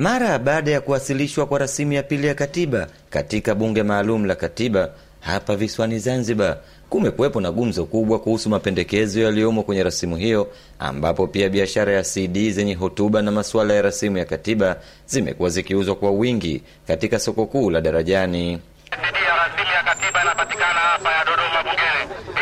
Mara baada ya kuwasilishwa kwa rasimu ya pili ya katiba katika bunge maalum la katiba hapa visiwani Zanzibar, kumekuwepo na gumzo kubwa kuhusu mapendekezo yaliyomo kwenye rasimu hiyo, ambapo pia biashara ya CD zenye hotuba na masuala ya rasimu ya katiba zimekuwa zikiuzwa kwa wingi katika soko kuu la Darajani. CD ya rasimu ya katiba inapatikana hapa ya Dodoma bungeni.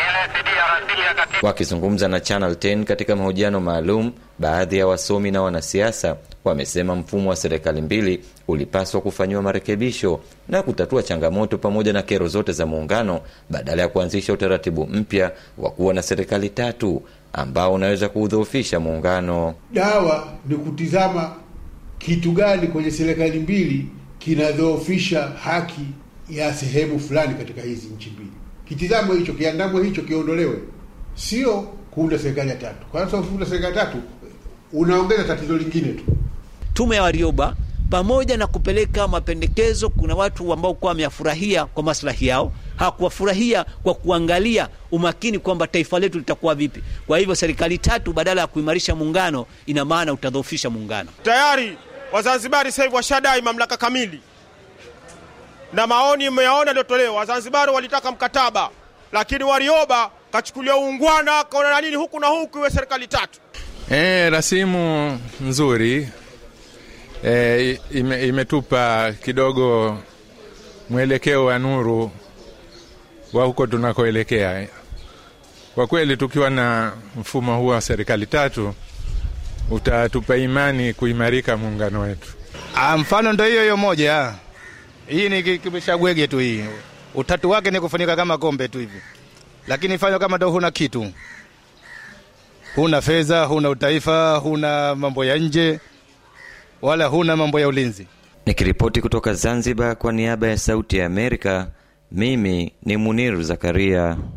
Wakizungumza na Channel 10 katika mahojiano maalum, baadhi ya wasomi na wanasiasa wamesema mfumo wa serikali mbili ulipaswa kufanyiwa marekebisho na kutatua changamoto pamoja na kero zote za muungano badala ya kuanzisha utaratibu mpya wa kuwa na serikali tatu ambao unaweza kuudhoofisha muungano. Dawa ni kutizama kitu gani kwenye serikali mbili kinadhoofisha haki ya sehemu fulani katika hizi nchi mbili. kitizamo hicho, kiandamo hicho, kiondolewe sio kuunda serikali ya tatu, kwa sababu kuunda serikali ya tatu unaongeza tatizo lingine tu. Tume ya Warioba pamoja na kupeleka mapendekezo, kuna watu ambao kuwa wameyafurahia kwa maslahi yao, hakuwafurahia kwa kuangalia umakini kwamba taifa letu litakuwa vipi. Kwa hivyo serikali tatu badala ya kuimarisha muungano, ina maana utadhoofisha muungano. Tayari Wazanzibari sasa hivi washadai mamlaka kamili, na maoni mmeyaona yaliyotolewa. Wazanzibari walitaka mkataba, lakini Warioba kachukulia uungwana, kaona na nini huku na huku, iwe serikali tatu. E, rasimu nzuri e, ime, imetupa kidogo mwelekeo wa nuru wa huko tunakoelekea. Kwa kweli, tukiwa na mfumo huo wa serikali tatu utatupa imani kuimarika muungano wetu. A, ah, mfano ndo hiyo hiyo moja. Hii ni kimeshagwege tu hii, utatu wake ni kufunika kama kombe tu hivi lakini fanywa kama ndo huna kitu, huna fedha, huna utaifa, huna mambo ya nje, wala huna mambo ya ulinzi. Nikiripoti kutoka Zanzibar kwa niaba ya Sauti ya Amerika, mimi ni munir Zakaria.